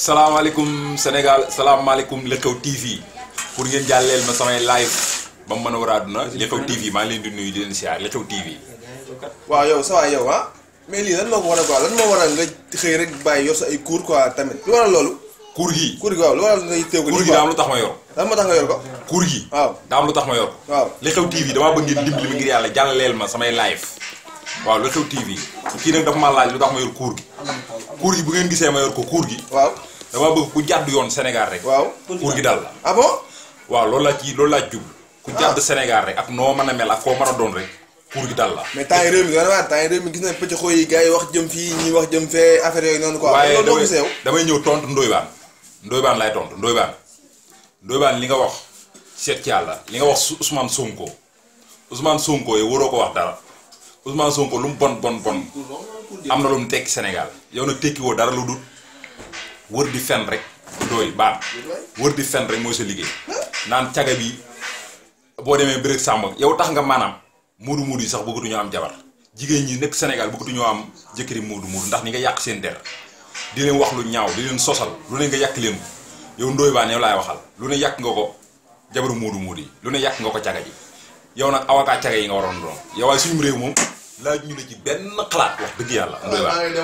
salaamaaleykum salaam salaamaaleykum Lu Xew TV pour ngeen jàlleel ma samay live ba mu mën a war a àdduna Lu Xew TV maa ngi leen di nuyu di leen siyaar Lu Xew TV. waaw yow ça va yow ah mais lii lan moo ko war a lan moo rek bàyyi yor sa ay cours quoi tamit lu waral loolu. gi cours gi waaw lu waral am lu tax ma yor. lan moo tax nga yor ko. cours gi. waaw daa tax ma yor. waaw Lu Xew TV damaa bëgg ngeen dimbali ma ngir yàlla jàllaleel ma samay live. waaw la xew TV kii nag dafa ma laaj lu tax ma yor kuur gi kuur gi bu ngeen gisee ma yor ko kuur gi waaw dama bëgg ku jàdd yoon Sénégal rek waaw kuur gi daal la ah waaw loolu laa ci loolu laa jublu ku jàdd ah. Sénégal rek ak noo mën a mel ak koo man a doon rek kuur gi daal la mais temps réew mi wala temps yi réew mi gis na pëcc xoo yi gars yi wax jëm fii ñuy wax jëm fee affaire yooyu noonu quoi waaye damay ñëw tontu Ndoye Bane Ndoye Bane laay tontu Ndoye Bane li nga wax seet ci yàlla li nga wax su Ousmane Sonko Ousmane Sonko yow waroo ko wax dara Ousmane Sonko lu mu bon bon bon am na lu mu tekki Sénégal yow nag tekki woo dara lu dul wër di fen rek dooy baax wër di fen rek mooy sa liggéey naan caga bi boo demee bërëg sàmm yow tax nga maanaam muudu muudu yi sax bëggatuñoo am jabar jigéen ñi nekk Sénégal ñoo am jëkkëri muudu muudu ndax ni nga yàq seen der di leen wax lu ñaaw di leen sosal lu ne nga yàq leen yow ndooy baan yow laay waxal lu ne yàq nga ko jabaru muudu muudu yi lu ne yàq nga ko caga ji yow nag avocat caga yi nga waroon doon yow waaye suñu réew moom laaj ñu la ci benn xalaat wax dëgg yàlla.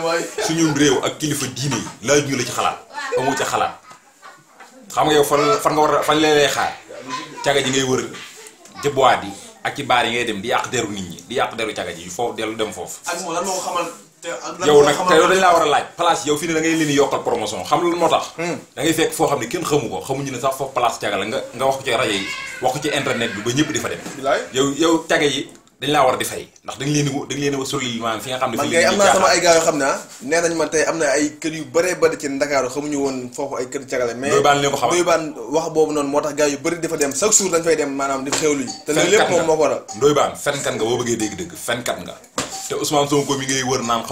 waaw suñu réew ak kilifa diine yi laaj ñu la ci xalaat amoo ca xalaat xam nga yow fan fan nga war a fan lee lay xaar caga ji ngay wër ci boîte yi. ak ci baar yi ngay dem di yàq deru nit ñi di yàq deru caga ji foofu dem foofu. ak nag te dañ laa war a laaj place yow fii ne da leen yokkal promotion xam lu moo tax. Hmm. da fekk foo xam ne kenn xamu ko xamuñu ne sax foofu place caga la nga nga wax ko ci rajo yi wax ko ci internet bi ba ñëpp di dem. yow yow caga yi dañ laa war di fay ndax dañ leen dañ leen a solil maanaam fi nga xam ne man ngay am naa ay gars yoo xam bëree bëri ci Ndakaaru xamuñu woon foofu ay kër cagale mais doyu baan wax boobu noonu moo tax gars yu bëri dafa dem chaque jour dañ fay dem maanaam di xewlu yi te loolu lépp moom moo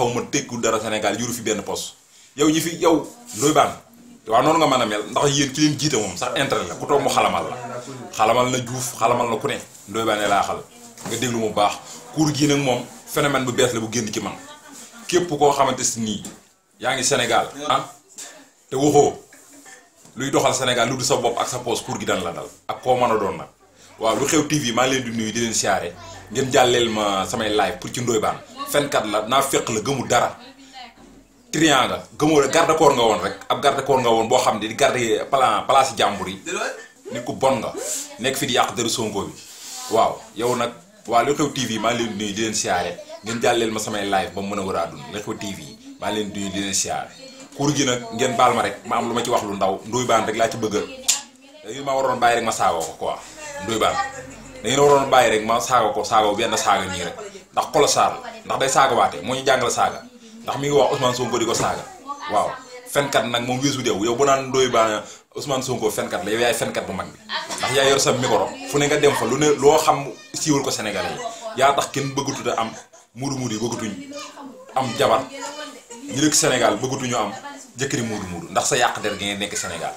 ko fi benn poste yow ñi fi yow doyu baan waaw noonu nga mën a mel ndax yéen ki leen jiite moom sax intérêt la ku toog mu xalamal la xalamal na Diouf xalamal na ku ne doyu baan laa xal nga déglu mu baax cours gii nag moom phénomène bu bees la bu génn ci man képp koo xamante si nii yaa ngi Sénégal ah te waxoo luy doxal Sénégal lu du sa bopp ak sa poos cours gi daan la dal ak koo mën a doon nag waaw lu xew TV maa leen di nuyu di leen siyaare ngeen jàlleel ma samay live pour ci Ndoye Bane fenkat la naa fekk la gëmu dara triant nga gëmoo la garde corps nga woon rek ak garde corps nga woon boo xam ne di garde plan place jàmbur yi nit ko bon nga nekk fi waa Lu Xew TV maa ngi leen di nuyu di leen siyaare ngeen jàlleel ma samay live ba mu mën a war a dund Lu Xew TV maa ngi leen di nuyu di leen siyaare kuur gi ngeen baal ma rek ma am lu ma ci wax lu ndaw ndoy baan rek laa ci bëgg a ma waroon bàyyi rek ma saago ko quoi ndoy baan da ngeen waroon bàyyi rek ma saago ko saago benn saaga nii rek ndax colossal ndax day saagawaate moo ñu jàngal saaga ndax mi ngi wax Ousmane Sonko di ko saaga waaw fenkat nag moom weesu deew yow bu naan doy baa Ousmane Sonko fenkat la yow yaay fenkat bu mag bi ndax yaa yor sa micro fu ne nga dem fa lu ne loo xam siiwal ko Sénégalais yaa tax kenn bëggatuta am muudu muudu yi bëggatuñ am jabar ñu dëkk Sénégal bëggatuñu am jëkkëri muudu muudu ndax sa yàq der gi ngay nekk Sénégal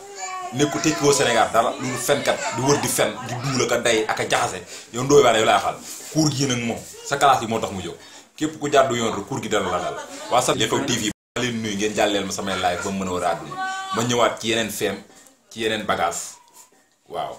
nekku tekkiwoo Sénégal dara lu fenkat di wër di fen di duul ak a day ak a jaxase yow ndooy baa yow laa xal kuur gi nag moom sa classe yi moo tax mu jóg képp ku jàddu yoon rek kuur gi dana la dal waa sa Li Xew TV maa leen nuyu ngeen jàlleel ma samay live ba mu mën a raadu ma ñëwaat ci yeneen feem ci yeneen bagage waaw